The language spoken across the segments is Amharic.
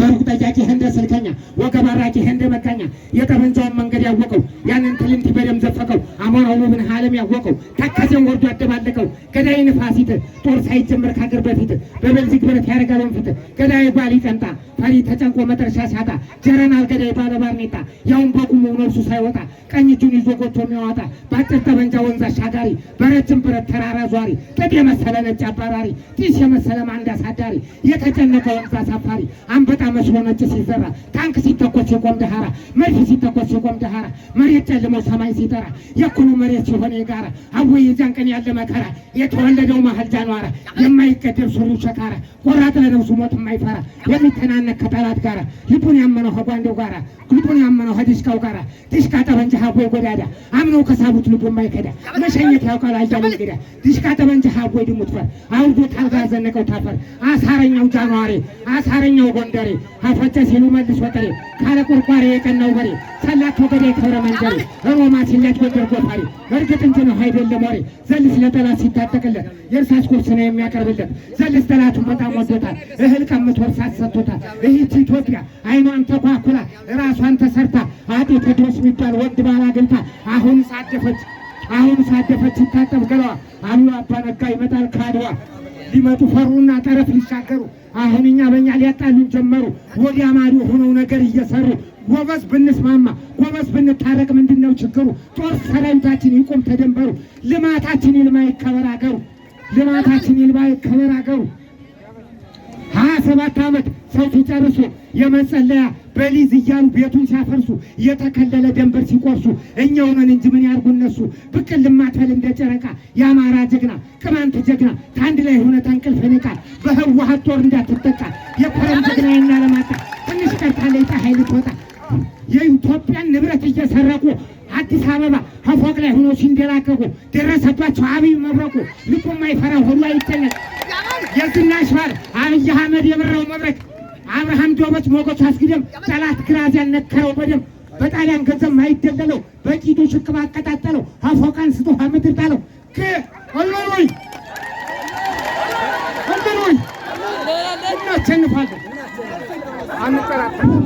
ታሪክ ጠያቂ ህንደ ስልከኛ ወገብ አራቂ ህንደ መካኛ የጠመንጃውን መንገድ ያወቀው ያንን ትልንቲ በደም ዘፈቀው አሞራው ውብን ሀለም ያወቀው ተከዜን ወርዶ አደባለቀው ገዳይ ንፋሲት ጦር ሳይጀምር ከአገር በፊት በበልዚግ ብረት ያደረጋለን ፊት ገዳይ ባል ይቀንጣ ፈሪ ተጨንቆ መጥረሻ ሲያጣ ጀረናል ገዳይ ባለባርኔጣ ያውን በቁሙ ነብሱ ሳይወጣ ቀኝ እጁን ይዞ ጎቶ የሚያወጣ በአጭር ጠመንጃ ወንዝ አሻጋሪ፣ በረጅም ብረት ተራራ ዟሪ፣ ጥጥ የመሰለ ነጭ አባራሪ፣ ጢስ የመሰለ ማንድ አሳዳሪ፣ የተጨነቀ ወንዝ አሳፋሪ፣ አንበጣ መስሎ ነጭ ሲዘራ፣ ታንክ ሲተኮስ የቆም ደሃራ፣ መድፍ ሲተኮስ የቆም ደሃራ፣ መሬት ጨልሞ ሰማይ ሲጠራ፣ የኩሉ መሬት ሲሆን የጋራ አወይ የዚያን ቀን ያለ መከራ፣ የተወለደው መሀል ጃንዋራ፣ የማይቀደር ሱሪ ሸካራ፣ ቆራጥ ለነብሱ ሞት የማይፈራ፣ የሚተናነቅ ከጠላት ጋራ፣ ልቡን ያመነው ከጓንዴው ጋራ፣ ልቡን ያመነው ከዲሽቃው ጋራ፣ ዲሽቃ ጠመንጃ ሀቦ ጎዳዳ አምነው ከሳቡት ልቡ መሸኘት ያውቃል አያሌ እንግዳ ዲሽቃ ጠመንጃ ሀቦ ድሙት ፈር አውዶ ጣልጋ ዘነቀው ታፈር አሳረኛው ጃንዋሪ አሳረኛው ጎንደሬ አፈጨ ሲሉ መልሶ ጥሬ ካለ ቁርቋሪ የቀናው በሬ ሰላት ወገዴ ክብረ መንጀሪ ሮማ ሲላት ወገር ጎፋሪ እርግጥ እንጂ ነው አይደለም ወሬ ዘልስ ለጠላት ሲታጠቅለት የእርሳስ ኮርስ ነው የሚያቀርብለት ዘልስ ጠላቱ በጣም ወዶታል። እህል ቀምት ወርሳት ሰጥቶታል። ይህች ኢትዮጵያ አይኗን ተኳኩላ ራሷን ተሰርታ አጤ ቴዎድሮስ የሚባል ወድ ባል አግኝታ አሁን ሳደፈች አሁን ሳደፈች ይታጠብ ገለዋ አሉ አባ ነጋ ይመጣል ከአድዋ ሊመጡ ፈሩና ጠረፍ ሊሻገሩ አሁን እኛ በእኛ ሊያጣሉን ጀመሩ። ወዲያ ማዶ ሆነው ነገር እየሰሩ ጎበዝ ብንስማማ ጎበዝ ብንታረቅ ምንድን ነው ችግሩ? ጦር ሰራዊታችን ይቁም ተደንበሩ። ልማታችን ይልማ ይከበር አገሩ። ልማታችን ይልማ ይከበር አገሩ። ሀያ ሰባት ዓመት ሰው ሲጨርሱ የመጸለያ በሊዝ እያሉ ቤቱን ሲያፈርሱ የተከለለ ደንበር ሲቆርሱ እኛው ነን እንጂ ምን ያርጉ እነሱ። ብቅ ልማተል እንደ ጨረቃ የአማራ ጀግና ቅማንት ጀግና ታንድ ላይ ሆነ ታንቅልፍ በሀት ወር እንዳትጠቃ የኮረም ትግራይና ለማጣ ትንሽ ቀርታ ለይታ ኃይል ትወጣ የኢትዮጵያን ንብረት እየሰረቁ አዲስ አበባ ከፎቅ ላይ ሆኖ ሲንደላቀቁ ደረሰባቸው አብይ መብረቁ ልቁ የማይፈራ ሁሉ አይጨነቅ የዝናሽ ባር አብይ አህመድ የበራው መብረቅ አብርሃም ዶበች ሞገቱ አስግደም ጠላት ግራዚያን ነከረው በደም በጣሊያን ገንዘብ ማይደለለው በቂዱ ሽቅብ አቀጣጠለው ከፎቅ አንስቶ ከምድር ጣለው ክ ወሎይ ወንድሮይ እናቸንፋለን፣ አንጠራጠርም።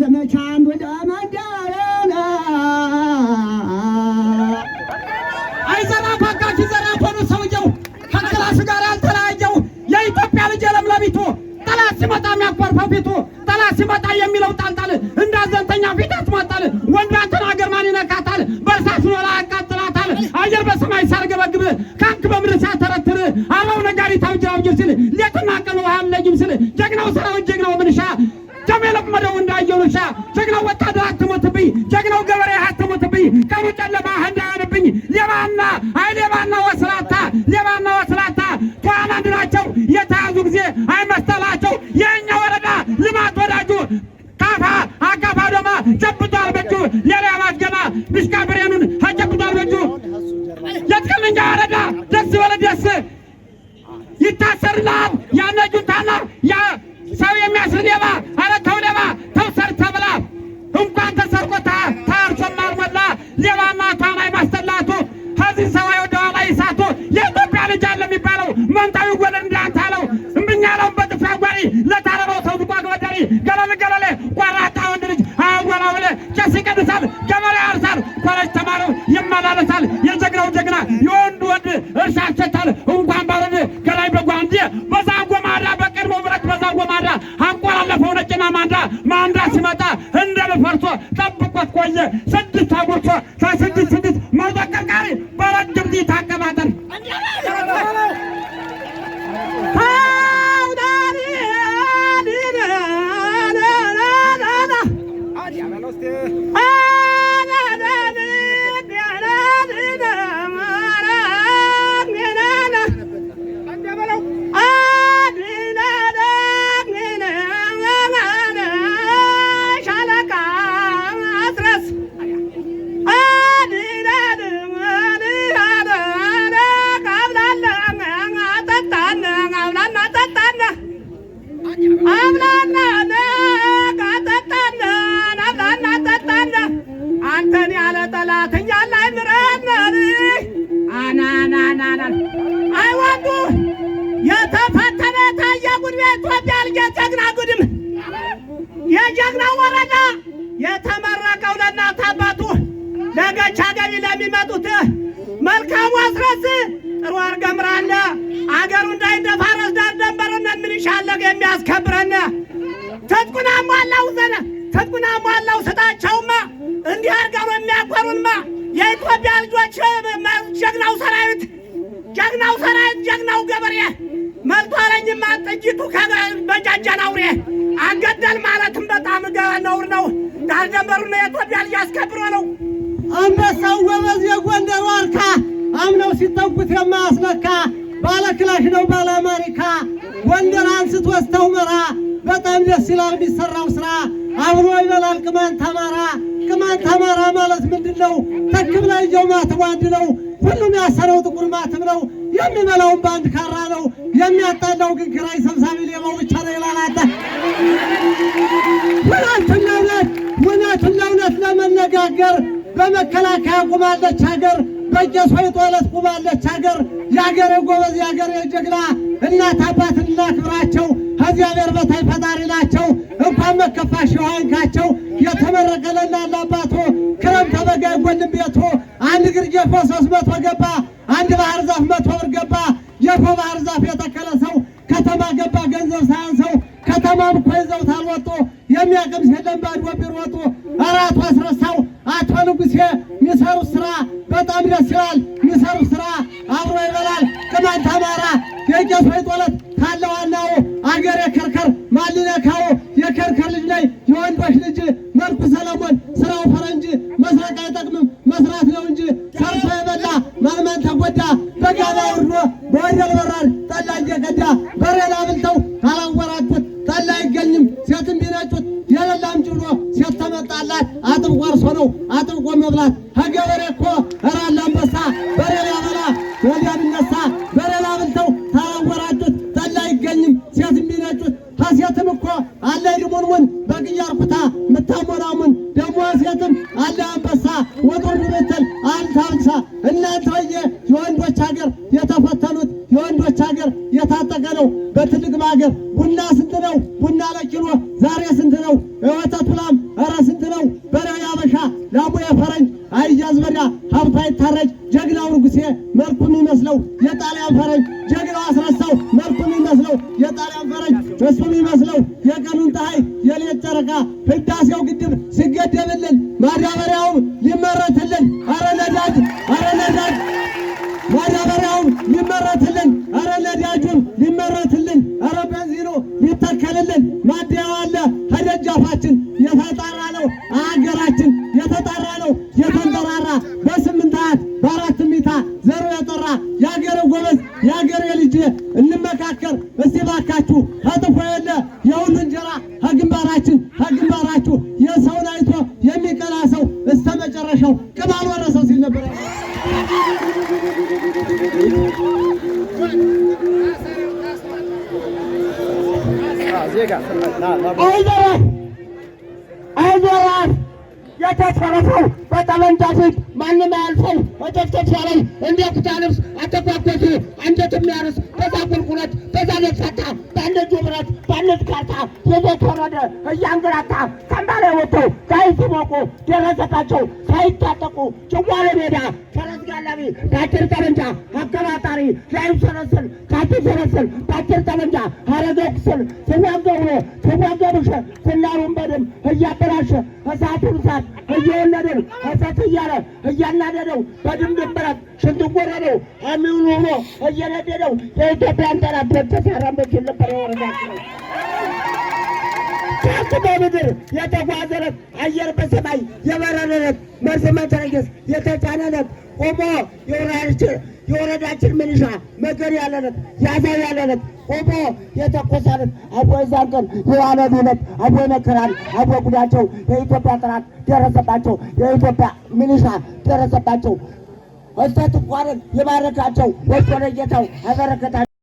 ዘመቻን ወደ መዳረና አይዘራፍ አጋች ዘራፍ ሆኖ ሰውየው ከክላሱ ጋር ያልተለያየው የኢትዮጵያ ልጅ የለምለሚቱ ጠላት ሲመጣ የሚያኮርፈው ፊቱ ጠላት ሲመጣ የሚለው ጣልጣል እንደ ፊት ያስሟጣል። ወንዳንተን አገር ማን ይነካታል? በእርሳሱ ኖላ ያቃጥላታል። አየር በሰማይ ሲያርገበግብ ካንክ በምድር ሲያተረትር አበው ነጋሪት አውጅራብጅብ ሲል ሌትና ቀን ውሃ ለጅም ሲል ጀግናው ሰራዊት ጀግናው ምንሻ ደም የለመደው እንደ አየሩሻ ጀግናው ወታደር አትሙትብኝ፣ ጀግናው ገበሬ አትሙትብኝ፣ ቀኑ ጨለማ እንዳያንብኝ። ሌባና አይ ሌባና ወስላታ ሌባና ወስላታ ተማረው በጀግናው ወረዳ የተመረቀው ለእናት አባቱ ለገቻ ገቢ ለሚመጡት መልካሙ አስረስ ጥሩ አርገ አገሩ እንዳይደፋረስ ዳር ደንበርነ ምንሻለግ የሚያስከብረነ ትጥቁን አሟላው ዘነ ትጥቁን አሟላው ስጣቸውማ እንዲህ አርገሩ የሚያኮሩንማ የኢትዮጵያ ልጆች ጀግናው ሰራዊት ጀግናው ሰራዊት ጀግናው ገበሬ መልቷለኝማ ጥይቱ በጃጀን አውሬ አገደል ማለት ባህል ደንበሩና የኢትዮጵያ ልጅ አስከብሮ ነው። አንበሳው ጎበዝ የጎንደር ዋርካ አምነው ሲጠጉት የማያስነካ ባለክላሽ ነው ባለ አሜሪካ ጎንደር አንስቶ እስከ ሁመራ በጣም ደስ ይላል የሚሰራው ስራ አብሮ ይበላል ቅማን ተማራ ቅማን ተማራ ማለት ምንድን ነው? ተክብ ላይ ጀው ማትብ ነው። ሁሉም ያሰረው ጥቁር ማትብ ነው። የሚበላውን በአንድ ካራ ነው። የሚያጣላው ግን ኪራይ ሰብሳቢ ሌባው ብቻ ነው ይላል። በመነጋገር በመከላከያ ቁማለች ሀገር፣ በእጀሶይ ጦለት ቁማለች ሀገር። የአገሬ ጎበዝ የአገሬ ጀግና እናት አባት እናክብራቸው። ከእግዚአብሔር በታይ ፈጣሪ ናቸው። እንኳን መከፋሽ ዋንካቸው የተመረቀ ለእናት አባቶ ክረምት በጋ ጎን ቤቶ አንድ ግርጌ ሶስት መቶ ገባ፣ አንድ ባህር ዛፍ መቶ ብር ገባ። የፎ ባህር ዛፍ የተከለ ሰው ከተማ ገባ ገንዘብ ሳያንሰው ከተማም እኮ ይዘውታል የሚያቀምስ የለም። ባዶ ቢሮጡ አራቱ አስረሳው አቶ ንጉሴ የሚሰሩ ስራ በጣም ደስ ይላል። የሚሰሩ ስራ አብሮ ይበላል። ቅማንት አማራ የቄስ ጦለት ካለዋናው አገር የከርከር ማሊነካው የከርከር አባት ከገበሬ እኮ ራላ አንበሳ በሬ ያበላ ወዲያ ቢነሳ በሬ አብልተው ታወራጩት ጠላ አይገኝም። ሴት የሚነጩት ከሴትም እኮ አለ ድሞንውን በግያር ኩታ ምታሞራሙን ደግሞ ሴትም አለ አንበሳ ወጦር ቤተል አንታንሳ እናንተ ሆየ የወንዶች ሀገር የተፈተኑት የወንዶች ሀገር የታጠቀ ነው። በትልቅ ሀገር ቡና ስንት ነው? ቡና ለኪሎ ዛሬ ስንት ነው? ወተት ላም ኧረ ስንት ነው? በሬ ላቡ ፈረንጅ አይያዝ በዳ ሀብቱ ይታረጅ ጀግናው ንጉሴ መልኩ የሚመስለው የጣሊያን ፈረንጅ ጀግናው አስረሳው መልኩ የሚመስለው የጣሊያን ፈረንጅ እሱ የሚመስለው የቀኑን ፀሐይ የሌት ጨረቃ ህዳሴው ግድብ ሲገደብልን ማዳበሪያውም ሊመረትልን አረ ነዳጅ አረ ነዳጅ ማዳበሪያውም ሊመረትልን አረ ነዳጁም ሊመረትልን አረ በንዚኑ ሊተከልልን ማደያው አለ ከደጃፋችን የተጣራ ነው አገራችን አይዘራፍ አይዘራፍ የተፈረፈው በጠመንጃ ፊት ማንም አያልፈው። መጨፍጨፍ ላይ እንደ ኩታ ልብስ አንጀት የሚያርስ በዛ ቁልቁለት በዛ ነፍሳታ በአንድ ብረት በአንደጅ ካርታ የቤት ወረደ እያንገራታ ከንባላ ወጥተው ሳይሞቁ ደረሰታቸው ሳይታጠቁ ጭዋለ ሜዳ ተሸካሚ በአጭር ጠመንጃ አቀባጣሪ ላይም ሰረስን ታች ሰረስን በአጭር ጠመንጃ አረገክስን ስናገውሎ ስናገሩሸ ስናሩን በድም እያበላሸ እሳት እየወለድን እሰት እያለ እያናደደው በድምድም ብረት ሽንት ጎረደው አሚውን ሆኖ እየነደደው የኢትዮጵያን ጠላት በተሳራመችን ነበር የወረዳችን ከብት በምድር የተጓዘለት አየር በሰማይ የበረረለት መርስ መትረየስ የተጫነለት ቆሞ የወረዳችን ምንሻ መገር ያለለት ያዛ ያለለት ቆሞ የተኮሳለት አቦ ዛንቀን የዋለ ቢነት አቦ መከራል አቦ ጉዳቸው የኢትዮጵያ ጥራት ደረሰባቸው። የኢትዮጵያ ምንሻ ደረሰባቸው። እስከ ትቋረን የባረካቸው ወደ ጌታው አበረከታቸው።